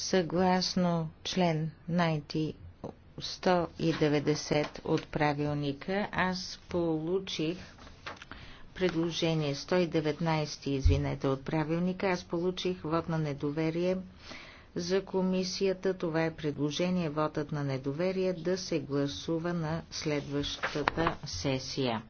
съгласно член 190 от правилника, аз получих предложение 119, извинете, от правилника, аз получих вод на недоверие за комисията. Това е предложение водът на недоверие да се гласува на следващата сесия.